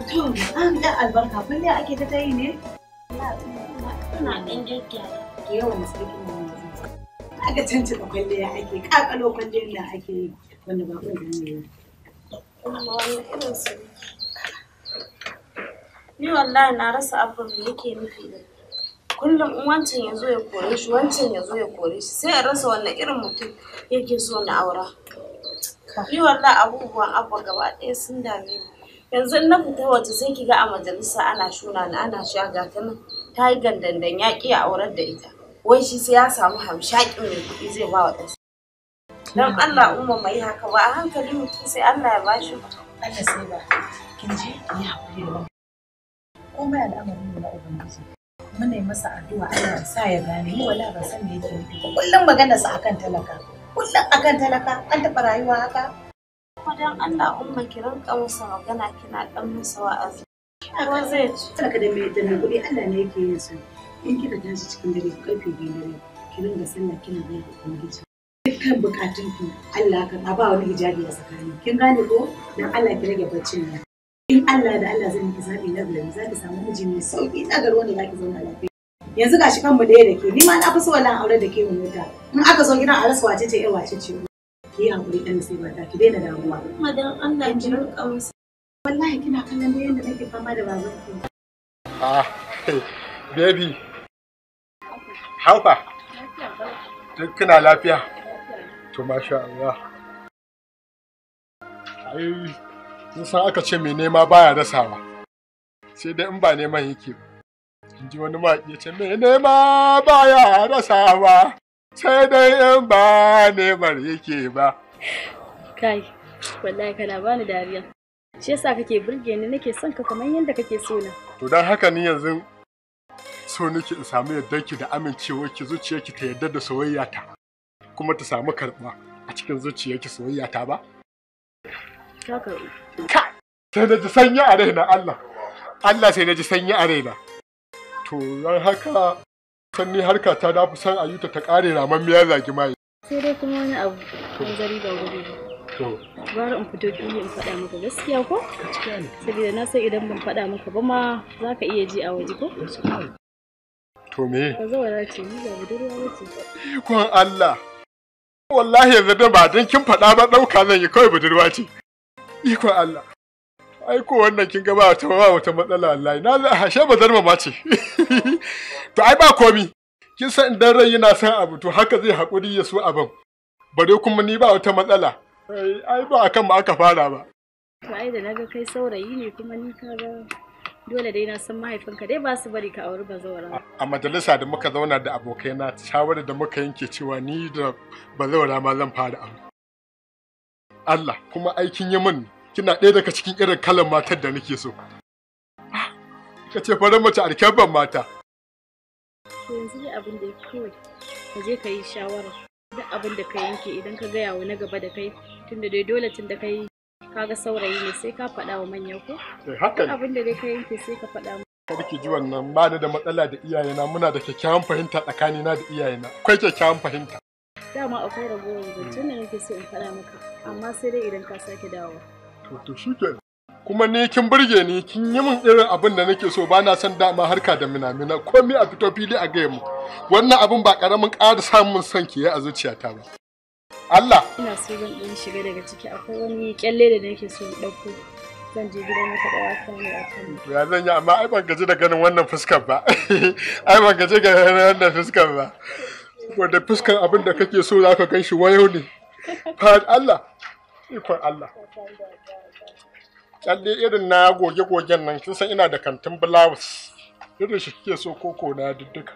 to an da albarka kullum ake ta tayi ne ina dan jirkiya ke yawan sarkin nan aka cancanta kwalliya ake kakalo kwalliyar da ake yi wanda ba kun gane ne ni wallahi na rasa abin da yake nufi da kullum in wancan ya zo ya kore shi wancan ya zo ya kore shi sai in rasa wannan irin mutum yake so na aura haka ni wallahi abubuwan abba gaba ɗaya sun dame ni yanzu na fita waje sai ki ga a majalisa ana shuna na ana sha ga ta nan ta yi gandandan ya ƙi aurar da ita wai shi sai ya samu hamshakin mai kuɗi zai ba wa ɗansa Don Allah umma mai haka ba a hankali mutum sai Allah ya bashi Allah sai ba kin ji ni hakuri da komai al'amari ne na ubangiji muna yi masa addu'a Allah ya sa ya gane ni wala ba san me yake nufi kullum magana sa akan talaka kullum a kan talaka an taɓa rayuwa haka wajen Allah umma ki rinka masa magana kina dan masa wa'azi ruwan zai ci talaka da mai da kuɗi Allah ne yake yin su in kika tashi cikin dare karfe biyu dare ki rinka sallah kina ga ubangiji dukkan bukatun ki Allah ka ba wani hijabi a tsakani kin gane ko dan Allah ki rage baccin nan in Allah da Allah zai miki zabi na gari za ki samu miji mai sauki na gari ne za ki zauna lafiya yanzu gashi kanmu ɗaya da ke ni ma na fi so wannan aure da ke mu mota in aka zo gidan a rasa wace ce yar wace ce ki yi hakuri ɗan sai mata ki daina damuwa madan Allah ki rinka musu wallahi kina kallon da yanda nake fama da baban ki ah baby haufa duk kina lafiya to masha Allah ai san aka ce mai nema baya rasawa sai dai in ba neman yake ba in ji wani mawaƙi ce mai nema baya rasawa sai dai in ba nemar yake ba kai wallahi kana bani dariya shi yasa kake burge ni nake son ka kamar yadda kake so na to dan haka ni yanzu so nake in samu yadda ki da amincewa ki zuciya ki ta yadda da soyayya ta kuma ta samu karɓa a cikin zuciya ki soyayya ta ba ka ka sai na ji sanyi a raina Allah Allah sai na ji sanyi a raina to don haka san ni harka ta na fi son ayuta ta kare raman miya zagi mai sai dai kuma wani abu kan zari ba gudu to bari in fito yi in faɗa maka gaskiya ko saboda na san idan ban faɗa maka ba ma za ka iya ji a waje ko to me ka wala ce ni ba budurwa ce ikon Allah wallahi yanzu da ba don kin faɗa ba ɗauka zan yi kawai budurwa ce ikon Allah aiko wannan kin ga ba ta ba wata matsala wallahi na za hashe ce to ai ba komi kin san idan rai yana san abu to haka zai hakuri ya so abin bare kuma ni ba wata matsala ai ba akan ba aka fara ba to ai da naga kai saurayi ne kuma ni ka ga dole dai na san mahaifinka dai ba su bari ka auri bazawara a majalisa da muka zauna da abokai na shawarar da muka yanke cewa ni da bazawara ma zan fara abu Allah kuma aikin yi min kina ɗaya daga cikin irin kalan matar da nake so ka ce farin mace alkyabban mata yanzu dai abin da ya kawai ka je ka yi shawara duk abin da ka yanke idan ka gaya wa na gaba da kai tunda dai dole tun da yi kaga saurayi ne sai ka faɗa wa manya ko eh, ne. abin da dai ka yanke sai ka faɗa mu kada ki ji wannan ba ni da matsala da iyayena muna da kyakkyawan fahimta tsakanina da iyayena akwai kyakkyawan fahimta dama akwai ragowar zancen da nake so in faɗa maka amma sai dai idan ka sake dawowa to to shikenan kuma ni kin burge ni kin yi min irin abin da nake so ba na son dama harka da minamina komai a fito fili a gaya mu wannan abin ba karamin ƙara samun son ki a zuciyata ba Allah ina so zan dan shiga daga ciki akwai wani kyalle da nake so in dauko zan je gidan wata dawa wasa ne akan ya zan yi amma ai ban gaji da ganin wannan fuskar ba ai ban gaji da ganin wannan fuskar ba wanda fuskar abin da kake so zaka gan shi wayo ne fa Allah ikon Allah Kyalle irin na goge-gogen nan, kin san ina da kantin blouse. Irin shi kike so koko na dudduka.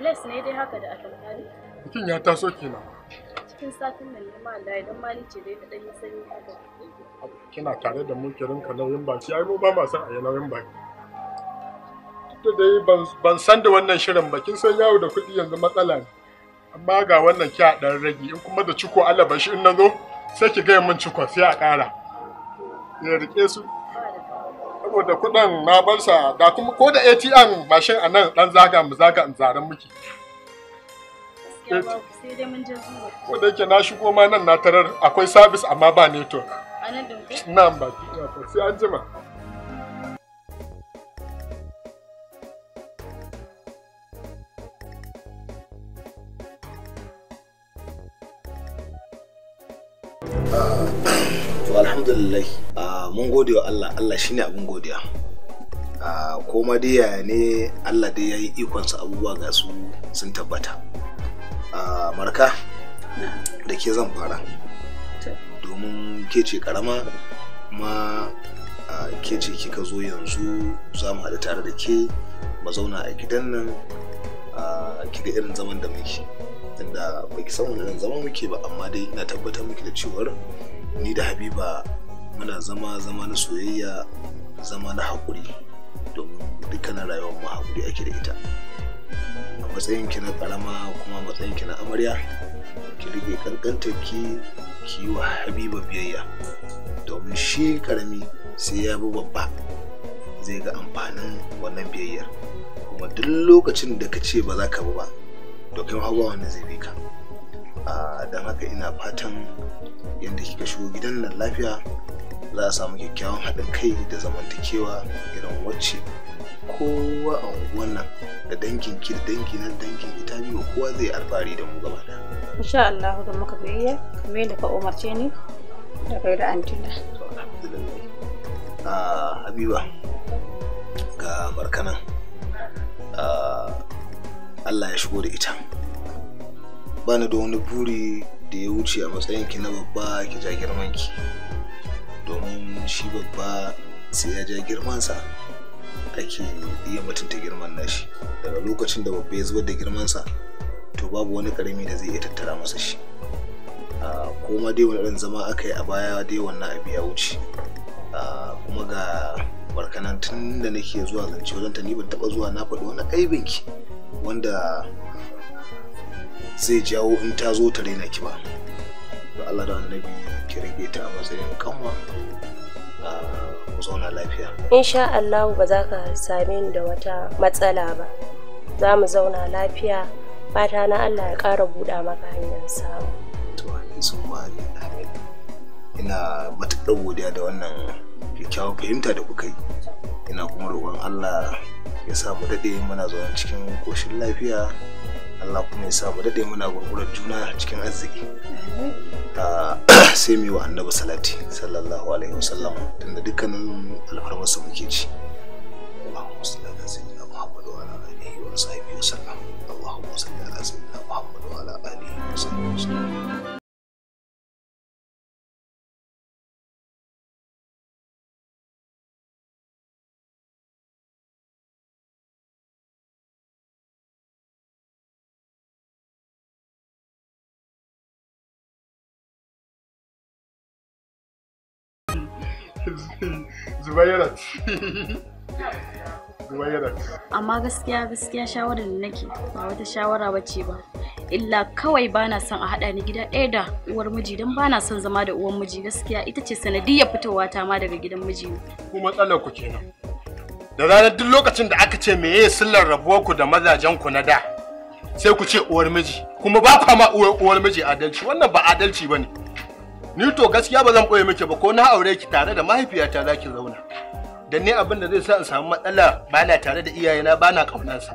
Les ne dai haka da alƙalari Mutum ya taso kenan. Cikin satin nan ne ma Allah idan mali ce dai ta danyi sanyi haka. Kina tare da mu kirin ka nauyin baki, ai mu ba ma san a yi nauyin baki. Duk da dai ban san da wannan shirin ba, kin san yawo da kuɗi yanzu matsala ne. Amma ga wannan kya ɗan rage, in kuma da ciko shi in na zo, sai ki gaya min cikon sai a ƙara. ya rike su saboda kudin na bar sa da kuma ko da ATM mashin a nan dan zaga mu zaga in zaren miki. Ko da yake na shigo ma nan na tarar akwai sabis amma ba network. A nan Nan ba, sai an jima. To alhamdulillah. Ah, mun gode wa Allah Allah shine abin godiya ah, koma dai yaya ne Allah dai ya yi ikonsa abubuwa ga su sun tabbata ah, marka da ke zan fara domin ke ce karama ma ke ce kika zo yanzu za mu haɗu tare da ke ba zauna a gidan nan kiga irin zaman da muke inda baki san wani zaman muke ba amma dai na tabbatar miki da cewar ni da habiba muna zama zama na soyayya zama na haƙuri domin dukkanin rayuwar mu haƙuri ake da ita a matsayin ki na ƙarama kuma matsayin ki na amarya ki rike ƙanƙantar ki ki yi wa habiba biyayya domin shi ƙarami sai ya bi babba zai ga amfanin wannan biyayyar kuma duk lokacin da ka ce ba za ka bi ba to kai hawa wanda zai bi ka ah, don haka ina fatan yadda kika shigo gidan nan lafiya za a samu kyakkyawan haɗin kai da zamantakewa irin wacce kowa a unguwan nan da dangin kir dangin nan dangin ita biyu kowa zai alfahari da mu gaba ɗaya. insha Allah da muka biyayya kamar yadda ka umarce ni da kai da antina. Ah, Habiba ga markanan ah, Allah ya shigo da ita. Bani da wani buri da ya wuce a matsayin ki na babba ki ja girman ki. domin shi babba sai ya ja girmansa ake iya mutunta girman nashi daga lokacin da babba ya zubar da girmansa to babu wani karami da zai iya tattara masa shi koma dai wani ɗan zama aka yi a baya dai wannan abu ya wuce kuma ga barkanan tun da nake zuwa zance wajen ta ni ban taɓa zuwa na faɗi wani aibin ki wanda zai jawo in ta zo ta ki ba Ga Allah da annabi ki rage ta a matsayin kanwa a ah, zauna lafiya insha Allah ba za ka same ni da wata matsala ba za mu zauna lafiya fata na Allah ya ƙara buɗa maka hanyar samu to sun ba ina matuƙar godiya da wannan kyakkyawan fahimta da kuka yi ina kuma roƙon Allah ya samu daɗe muna zaune cikin koshin lafiya Allah kuma ya sa mu daɗe muna gurgurar juna cikin arziki ah, sai mu yi wa annabi salati sallallahu alaihi wasallam tunda dukkanin alfarmarsa muke ci Allahumma salli ala sayyidina Muhammad wa ala alihi wa sahbihi wa sallam Allahumma salli ala sayyidina Muhammad wa ala alihi wa sahbihi wa sallam Amma gaskiya gaskiya shawarar da nake ba wata shawara bace ba. Illa kawai bana son a haɗa ni gida ɗaya da uwar miji don bana son zama da uwar miji gaskiya ita ce sanadiyar fitowa ta ma daga gidan miji. Ku matsalar ku kenan. Da ranar duk lokacin da aka ce meye sillar rabuwar ku da mazajen ku na da sai ku ce uwar miji kuma ba kwa ma uwar miji adalci wannan ba adalci bane. Ni to gaskiya ba zan ɓoye miki ba ko na aure ki tare da mahaifiyata za ki zauna. Da ni abin da zai sa in samu matsala ba na tare da iyayena ba na ƙaunansa.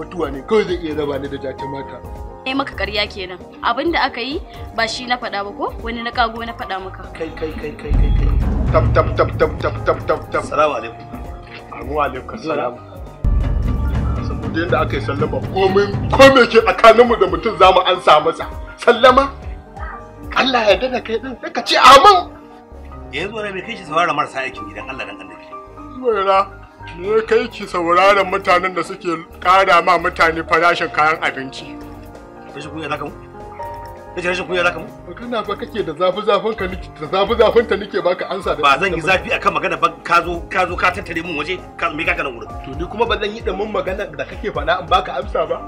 Mutuwa ne kawai zai iya raba ni da jata mata. Ai maka ƙarya kenan. Abin da aka yi ba shi na faɗa ba ko wani na kago na faɗa maka. Kai kai kai kai kai kai. Tab tab tab tab tab tab tab tab. Salamu alaikum. Wa alaikum salam. Saboda yadda aka yi sallama komai komai ke tsakaninmu da mutum za mu samu sa Sallama Allah ya dana kai din sai ka ce amin yanzu wani mai kai shi sauraron marasa aikin gidan Allah dan annabi wala me kai ki sauraron mutanen da suke kara ma mutane farashin kayan abinci rashin kunya zaka mu kace kun kunya zaka mu Kana fa kake da zafi zafin ka nake da zafi zafin ta nake baka ansa da ba zan yi zafi akan magana ba ka zo ka zo ka tattare mun waje ka me ka nan wurin to ni kuma ba zan yi mun magana da kake faɗa in baka amsa ba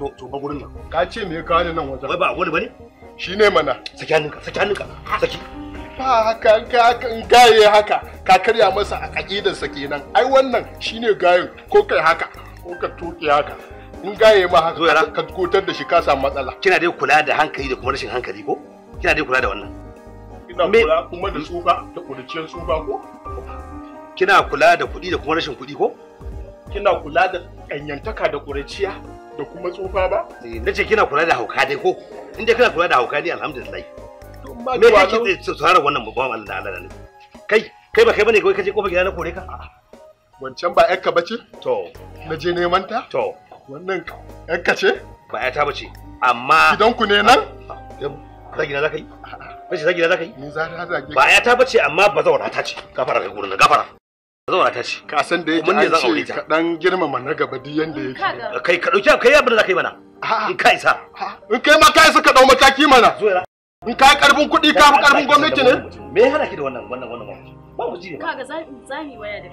to to ba gurin nan ka ce me ka nan wajen ba ba gurin bane Shi ne mana. Saki hannunka, saki hannunka, saki. Ba haka, haka, in gaye haka, ka karya masa a ƙaƙidarsa kenan. Ai wannan shi ne gayen, ko kai haka, ko ka tuƙe haka. In gaye ma haka, ka gotar da shi ka samu matsala. Kina dai kula da hankali da kuma rashin hankali ko? Kina dai kula da wannan. Kina kula kuma da tsufa, da kuduciyar tsufa ko? Kina kula da kuɗi da kuma rashin kuɗi ko? Kina kula da ƙanyantaka da ƙuraciya? da kuma tsufa ba? Eh, na ce kina kula da hauka dai ko? In dai kana kula da hauka ne alhamdulillah. Me kake tsara wannan babban Allah da Allah ne? Kai kai ba kai bane kai kaje kofar gida na kore ka? Wancan ba yakka bace? To. Na je neman ta? To. Wannan yakka ce? Ba yata bace. Amma Gidan ku ne nan? Zagi na zaka yi? Bace zagi na zaka yi? Ni za ta zage. Ba yata bace amma ba zaura ta ce. Gafara kai gurin gafara. zauna ta ce ka san da yake an ce kaɗan girmama na gaba duk yanda yake kai ka kai abin da yi mana in ka isa in kai ma ka isa ka mataki mana in ka karfin kuɗi ka fi gwamnati ne me ya hana ki da wannan wannan wannan ba ji kaga zami waya da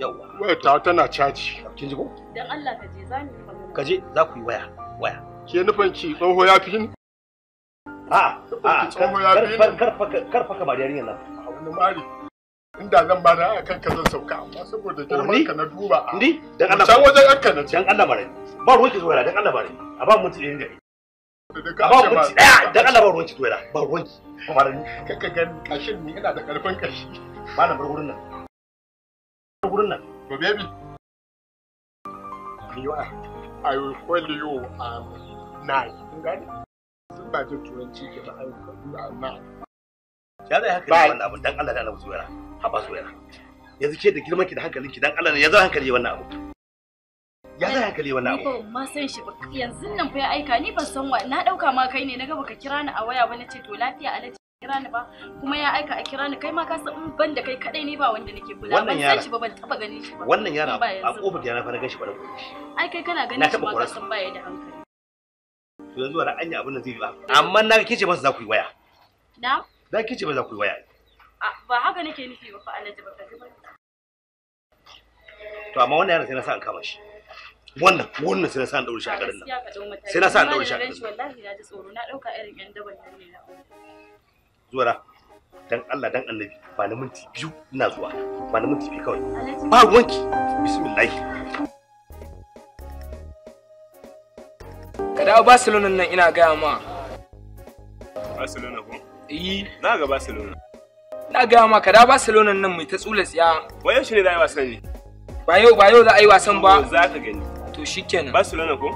yawa ta tana caji kin ji ko dan Allah ka je zami ka je za ku yi waya waya ke nufin ki tsoho ya fi ni a a karfa karfa kamar nan mari inda zan ba da kan ka zan sauka amma saboda girman ka na duba a ni dan Allah can wajen akka na dan Allah bare ba ruwan ki zuwa dan Allah bare a ba mutu ɗin da ba dan Allah ba ruwan ki zuwa ba ruwan ki kuma da ni kaka ga kashin ni ina da karfin kashi ba na bar gurin nan bar gurin nan to baby you are i will call you um nine kun gane sun ba jin turanci ke ba na ya da haka ne wannan abin dan Allah da Allah zuwa Abbas Wera. Yanzu ke da girman ki da hankalin ki dan Allah ne yanzu hankali wannan abu. Ya zai hankali wannan abu. Ba ma san shi ba yanzu nan fa ya aika ni ban san wa na dauka ma kai ne naga baka kira ni a waya ba nace to lafiya a alaji kira ni ba kuma ya aika a kira ni kai ma ka san ban da kai kadai ne ba wanda nake kula ban san shi ba ban taba ganin shi ba. Wannan yara a kofar da na fara ganin shi ba da shi. Ai kai kana ganin shi ba ka san baya da hankali. yanzu wani anya abin nan zai yi ba. Amma na kice ba za ku yi waya. Na? Da kice ba za ku yi waya. ba haka nake nufi ba fa alhaji ba kaji ba to amma wannan yaron sai na sa an kama shi wannan wannan sai na sa an daure shi a garin nan sai na sa an daure shi a garin nan wallahi na ji tsoro na dauka irin yan daban ne na zuwa dan Allah dan annabi ba na minti biyu ina zuwa ba na minti biyu kawai ba ruwanki bismillah ka dawo Barcelona nan ina gaya ma Barcelona ko? Iyi. Na ga Barcelona. na gaya ma ka da Barcelona nan mai ta tsula tsiya. Ba yau shine za a yi wasan ne. Ba yau ba yau za a yi wasan ba. Za ka gani. To shikenan. Barcelona ko?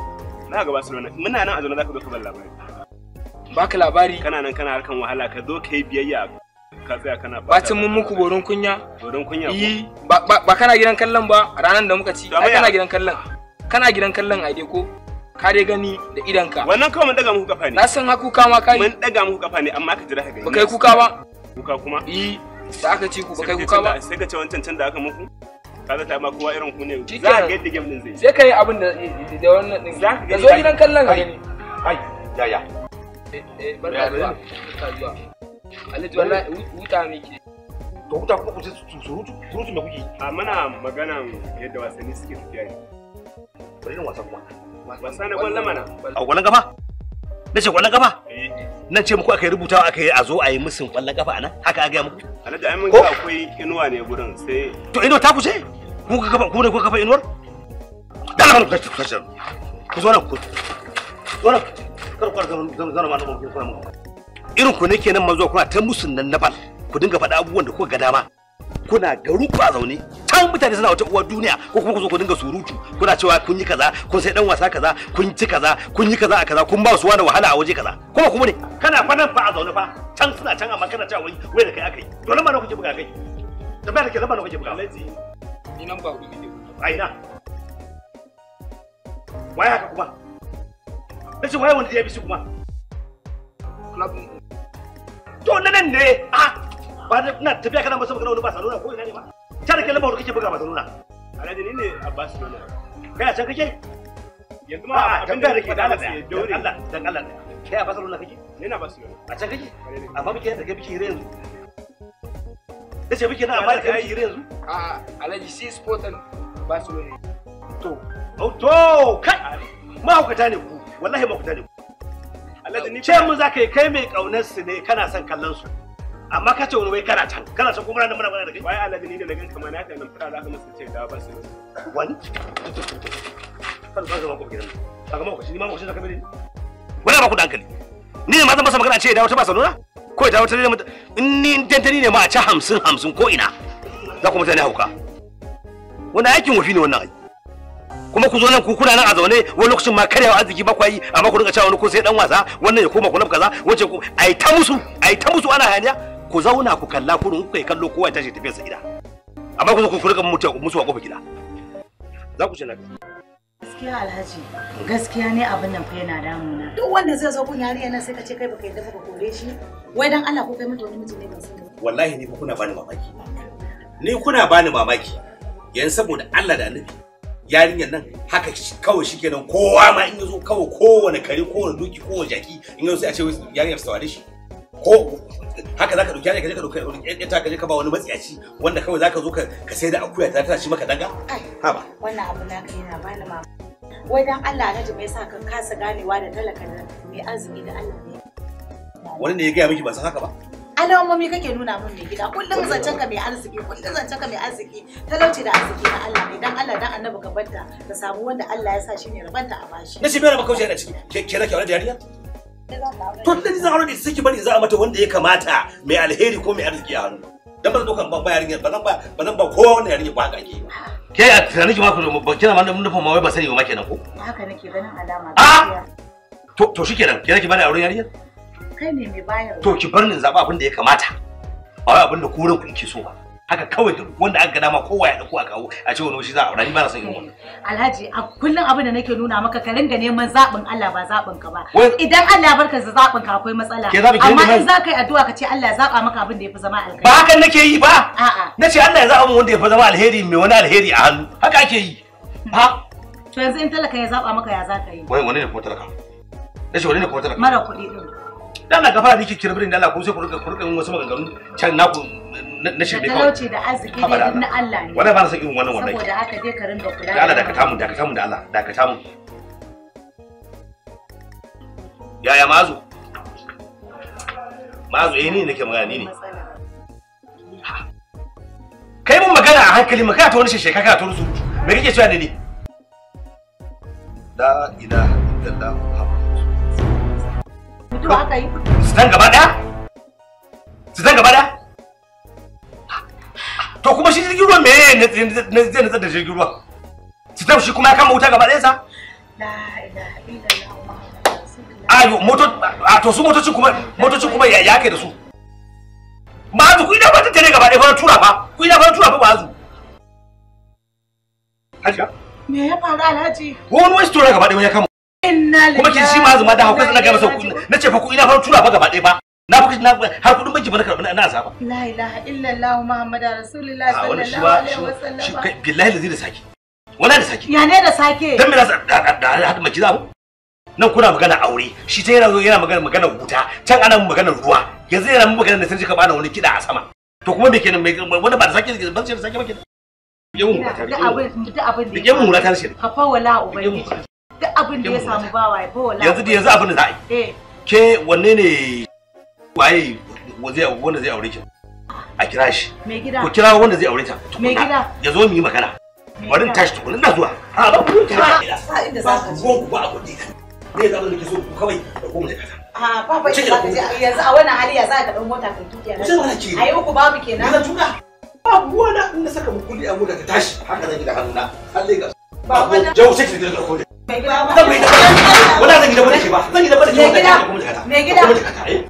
Na ga Barcelona. Muna nan a zaune za ka zo ka bar labari. ka labari. Kana nan kana harkan wahala ka zo ka yi biyayya ka tsaya kana ba. Bacin mun muku borin kunya. Borin kunya ko? Yi ba kana gidan kallon ba ranar da muka ci. Ai kana gidan kallon. Kana gidan kallon a dai ko? ka dai gani da idanka. Wannan kawai mun daga muku kafa ne. Na san haku kama kai. Mun daga muku kafa ne amma ka jira ka gani. Ba kai kuka ba. kuka kuma eh da aka ci ku ba kai kuka ba sai ka ce wancan can da aka muku ka zata ma kowa irin ku ne za ka ga yadda game din zai sai ka yi abin da da wannan din ka zo gidan kallon ka gani ai ya ya eh eh barka da zuwa Alhaji wallahi huta ke to huta kuma ku su surutu surutu me kuke a muna magana yadda wasanni suke tafiya ne bari wasa kuma wasa na kwallon mana a kwallon kafa na ce kwallon kafa eh. nan ce muku aka yi rubutawa aka yi a zo a yi musun kwallon kafa anan haka aka yi muku alhaji ai mun ga akwai inuwa ne gurin sai to inuwa ta kuce ku ka kafa ku ne ku kafa inuwar dalaban ku ku ku zo nan ku zo nan kar ku zan zan ma nan ku irin ku ne kenan manzo kuna ta musun nan na bal ku dinga faɗa abubuwan da kuka ga dama kuna garu ba zaune can mutane suna wata uwar duniya ko kuma ku zo ku dinga surutu kuna cewa kun yi kaza kun sai dan wasa kaza kun ci kaza kun yi kaza a kaza kun ba su wani wahala a waje kaza kuma kuma ne kana fa nan fa a zaune fa can suna can amma kana cewa wai wai da kai akai to nan ma kuke buga kai da ba da kai nan ma kuke buga alaji ni nan ba ku ne aina waya haka kuma nace waya wanda ya bi shi kuma club to nan ne ah ba na tafiya kana masa wani Barcelona ko ina ne ba ta da kallon kake buga Barcelona alhaji ni ne a Barcelona kai a can kake yanzu ma a da kake da Allah Allah dan Allah kai a Barcelona kake ni na Barcelona a can kake amma muke da kake hira yanzu da ce muke na amma da kake yanzu a alhaji si sport and ne. to oh, to kai ta ne ku wallahi ta ne ku alhaji ni ce mun zaka yi kai mai kaunar su ne kana son kallon su amma ka ce wani wai kana can kana san kuma na mana muna da kai wai alabi ni da na ganka na ka nan fara za ka masa ce da ba su wani kan ba zama ko gidan ka ga mako shi ma mako shi zaka bari wala ba ku da hankali ni ne ma zan masa magana ce da wata ba sanuna ko da wata ne in ni dantani ne ma a ci hamsin hamsin ko ina za ku mutane hauka wannan aikin wafi ne wannan aiki kuma ku zo nan ku kuna nan a zaune wani lokacin ma karyawa arziki ba kwayi amma ku rinka cewa wani ko sai dan wasa wannan ya koma kulam kaza wace ku ai ta musu ai ta musu ana haniya ku zauna ku kalla kurun ku kai kallo kowa ce tashi sa gida amma ku zo ku furga mutu musu a kofar gida za ku ce na gaskiya alhaji gaskiya ne abin nan fa yana damuna duk wanda zai zo kun yariya nan sai ka ce kai baka yadda baka kore shi wai dan Allah ko kai mata wani mutum ne ban san wallahi ni kuna bani mamaki ni kuna bani mamaki yanzu saboda Allah da annabi yarinyar nan haka kawai shikenan kowa ma in yazo kawai kowane kare kowane duki, kowane jaki in yazo sai a ce yarinyar da shi ko haka zaka dauki ka je ka dauki ta ka je ka ba wani matsiyaci wanda kawai zaka zo ka ka sai da akuya ta tana shi maka danga ha ba wannan abu kai na bani mama wai dan Allah na ji me yasa ka kasa ganewa da talaka da mai arziki da Allah ne wani ne ya gaya miki ba san haka ba alamomi kake nuna mun ne gida kullum zancen ka mai arziki kullum zancen ka mai arziki talauci da arziki na Allah ne dan Allah dan annabi ka banta ka samu wanda Allah ya sa shi ne rabanta a bashi na shi mai rabaka kauce yana ciki ke ke da kyawar jariya to da za a rabe suke bari za a mata wanda ya kamata mai alheri ko mai arziki a hannu dan ba zan dokan yarinya ba zan ba ba zan ba kowa yarinya ba kake ke a tunanin ki ma ku ba kina ma wai ba sani ma kenan ko haka nake ganin alama ah! a to to shikenan kenan ki bani auren yarinya kai ne mai to ki bar ni zaba abin da ya kamata ba wai abin da ku ranku yake so haka kawai wanda aka dama kowa ya dauko a kawo a ce wani shi za a aura ni ba na son irin wannan eh, Alhaji a kullun abin da nake nuna maka ka ringa neman zabin Allah ba zabin ka ba idan Allah barka da zabin ka akwai matsala amma in za ka yi addu'a ka ce Allah zaba maka abin da yafi zama alheri ba hakan nake yi ba na ce Allah ya zaba mun wanda yafi zama alheri mai wani alheri a hannu haka ake yi ha to yanzu in talaka ya zaba maka ya zaka yi wani ne kuma talaka ce wani ne kuma talaka mara kuɗi din Allah fara nake kirbirin da Allah ko sai ku rinka kurkin wasu maganganu can naku na shirme kawai talauci da arziki dai na Allah ne wallahi ba na san irin wannan wallahi saboda haka dai ka kula da Allah da da Allah yaya mazu mazu eh ni nake magana ni ne kai mun magana a hankali maka ta wani sheshe kaka ta rusu me kake cewa ne ne la ilaha illallah muhammadu mutum aka yi su gaba daya su gaba daya to kuma shi jirgin ruwa me ne zai nutsar da jirgin ruwa sitam shi kuma ya kama wuta gaba ɗaya sa ayo moto a to su motoci kuma motocin kuma ya yake da su ma'azu ku ina ba ta tare gaba ɗaya fara tura fa ku ina fara tura fa ma'azu hajiya me ya faru alhaji wani wasu tura gaba ɗaya ya kama kuma kin shi ma zuma da hauka na ga masa na ce fa ku ina fara tura fa gaba ɗaya ba na kuɗi na har kuɗin banki bana karɓi na azaba la ilaha illallah muhammadu rasulullahi sallallahu alaihi wasallam shi kai billahi lazi da saki wala da saki ya ne da sake dan me na da hadu maki zamu nan kuna magana aure shi ta yana yana magana magana wuta can ana magana ruwa yanzu yana magana da sarki ka bana wani kida a sama to kuma me kenan mai wanda ba da sake ban shi da sake ba kenan yawan mutata da abin da abin da yawan mutata shi ka fa wala ubangiji duk abin da ya samu bawa ya fa wala yanzu da yanzu abin da za a yi eh. ke wanne ne waye wanda zai aure ki a kira shi me gida ku kira wanda zai aure ta me gida ya zo mu yi magana bari in tashi tukuna ina zuwa ha ba ku ta inda za ka go ba ku ne ne za mu ki so ku kawai da ku mu da ha a ba ba ina je yanzu a wannan hali ya za ka dan mota ka tuki a nan ayi uku babu kenan na tuka ba buwana in na saka mukulli a mota ka tashi haka zan gida hannuna Allah ya ga ba wannan jawo sai ki da ko ne me gida ba zan gida ba ne ba zan gida ba ne ba me gida me gida